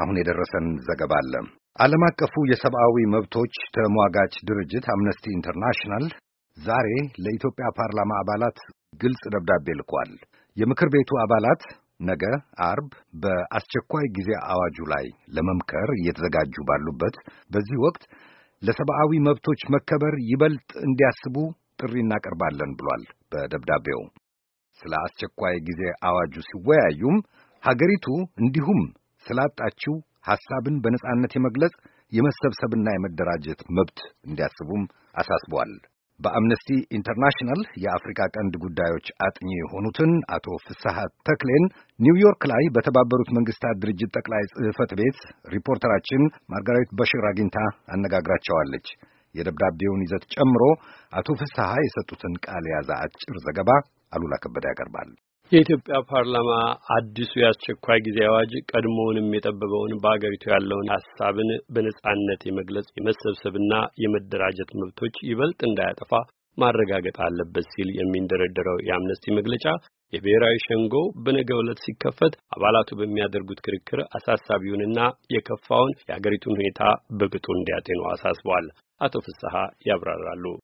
አሁን የደረሰን ዘገባ አለ። ዓለም አቀፉ የሰብአዊ መብቶች ተሟጋች ድርጅት አምነስቲ ኢንተርናሽናል ዛሬ ለኢትዮጵያ ፓርላማ አባላት ግልጽ ደብዳቤ ልኳል። የምክር ቤቱ አባላት ነገ አርብ በአስቸኳይ ጊዜ አዋጁ ላይ ለመምከር እየተዘጋጁ ባሉበት በዚህ ወቅት ለሰብአዊ መብቶች መከበር ይበልጥ እንዲያስቡ ጥሪ እናቀርባለን ብሏል። በደብዳቤው ስለ አስቸኳይ ጊዜ አዋጁ ሲወያዩም ሀገሪቱ እንዲሁም ስላጣችው ሐሳብን በነጻነት የመግለጽ የመሰብሰብና የመደራጀት መብት እንዲያስቡም አሳስቧል። በአምነስቲ ኢንተርናሽናል የአፍሪካ ቀንድ ጉዳዮች አጥኚ የሆኑትን አቶ ፍስሐ ተክሌን ኒውዮርክ ላይ በተባበሩት መንግስታት ድርጅት ጠቅላይ ጽህፈት ቤት ሪፖርተራችን ማርጋሬት በሽር አግኝታ አነጋግራቸዋለች። የደብዳቤውን ይዘት ጨምሮ አቶ ፍስሐ የሰጡትን ቃል የያዘ አጭር ዘገባ አሉላ ከበደ ያቀርባል። የኢትዮጵያ ፓርላማ አዲሱ የአስቸኳይ ጊዜ አዋጅ ቀድሞውንም የጠበበውን በአገሪቱ ያለውን ሀሳብን በነጻነት የመግለጽ የመሰብሰብና የመደራጀት መብቶች ይበልጥ እንዳያጠፋ ማረጋገጥ አለበት ሲል የሚንደረደረው የአምነስቲ መግለጫ የብሔራዊ ሸንጎ በነገ ዕለት ሲከፈት አባላቱ በሚያደርጉት ክርክር አሳሳቢውንና የከፋውን የአገሪቱን ሁኔታ በቅጡ እንዲያጤኑ አሳስቧል። አቶ ፍስሐ ያብራራሉ።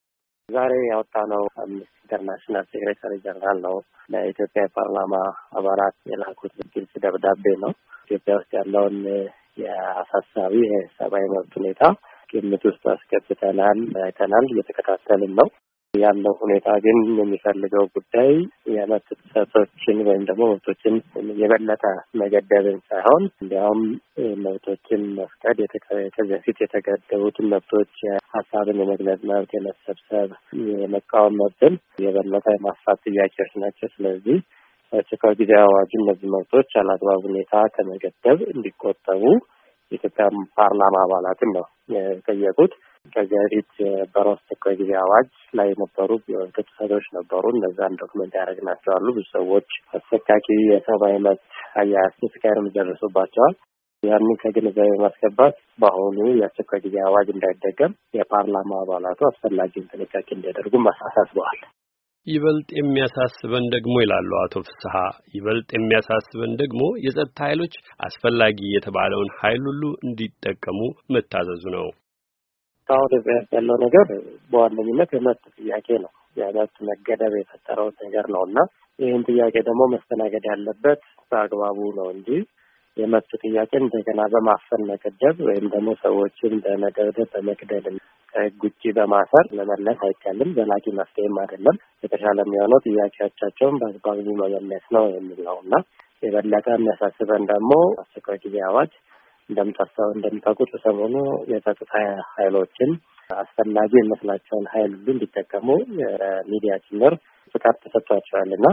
ዛሬ ያወጣ ነው አምነስቲ ኢንተርናሽናል ሴክሬታሪ ጀነራል ነው ለኢትዮጵያ የፓርላማ አባላት የላኩት ግልጽ ደብዳቤ ነው። ኢትዮጵያ ውስጥ ያለውን የአሳሳቢ የሰብአዊ መብት ሁኔታ ግምት ውስጥ አስገብተናል፣ አይተናል፣ እየተከታተልን ነው። ያለው ሁኔታ ግን የሚፈልገው ጉዳይ የመብት ጥሰቶችን ወይም ደግሞ መብቶችን የበለጠ መገደብን ሳይሆን እንዲያውም መብቶችን መፍቀድ ከዚህ በፊት የተገደቡትን መብቶች ሀሳብን የመግለጽ መብት፣ የመሰብሰብ፣ የመቃወም መብትን የበለጠ የማስፋት ጥያቄዎች ናቸው። ስለዚህ በአስቸኳይ ጊዜ አዋጁ እነዚህ መብቶች አላግባብ ሁኔታ ከመገደብ እንዲቆጠቡ የኢትዮጵያ ፓርላማ አባላትን ነው የጠየቁት። ከዚያ በፊት የነበረው አስቸኳይ ጊዜ አዋጅ ላይ የነበሩ የወንክ ጥሰቶች ነበሩ። እነዛን ዶክመንት ያደረግናቸው አሉ። ብዙ ሰዎች አሰቃቂ የሰብአዊ መብት አያያዝ ስቃይም ደርሶባቸዋል። ያንን ከግንዛቤ ማስገባት በአሁኑ የአስቸኳይ ጊዜ አዋጅ እንዳይደገም የፓርላማ አባላቱ አስፈላጊውን ጥንቃቄ እንዲያደርጉ አሳስበዋል። ይበልጥ የሚያሳስበን ደግሞ ይላሉ አቶ ፍስሐ፣ ይበልጥ የሚያሳስበን ደግሞ የጸጥታ ኃይሎች አስፈላጊ የተባለውን ኃይል ሁሉ እንዲጠቀሙ መታዘዙ ነው። እስካሁን ያለው ነገር በዋነኝነት የመብት ጥያቄ ነው። የመብት መገደብ የፈጠረው ነገር ነው እና ይህን ጥያቄ ደግሞ መስተናገድ ያለበት በአግባቡ ነው እንጂ የመብት ጥያቄ እንደገና በማፈን መገደብ ወይም ደግሞ ሰዎችን በመደብደብ በመግደል ከህግ ውጭ በማሰር መመለስ አይቻልም። ዘላቂ መፍትሄም አይደለም። የተሻለ የሚሆነው ጥያቄዎቻቸውን በአግባቡ መመለስ ነው የሚል ነው እና የበለጠ የሚያሳስበን ደግሞ አስቸኳይ ጊዜ አዋጅ እንደምታውቁት ሰሞኑ የጸጥታ ኃይሎችን አስፈላጊ የመስላቸውን ኃይል ሁሉ እንዲጠቀሙ ሚዲያ ጭምር ፍቃድ ተሰጥቷቸዋል እና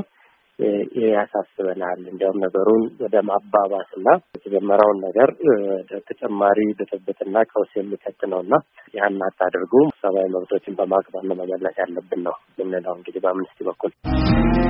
ይህ ያሳስበናል። እንዲያውም ነገሩን ወደ ማባባስ እና የተጀመረውን ነገር ተጨማሪ ብጥብጥና ቀውስ የሚከት ነው እና ያን አታድርጉ፣ ሰብአዊ መብቶችን በማክበር ነው መመለስ ያለብን ነው የምንለው እንግዲህ በአምነስቲ በኩል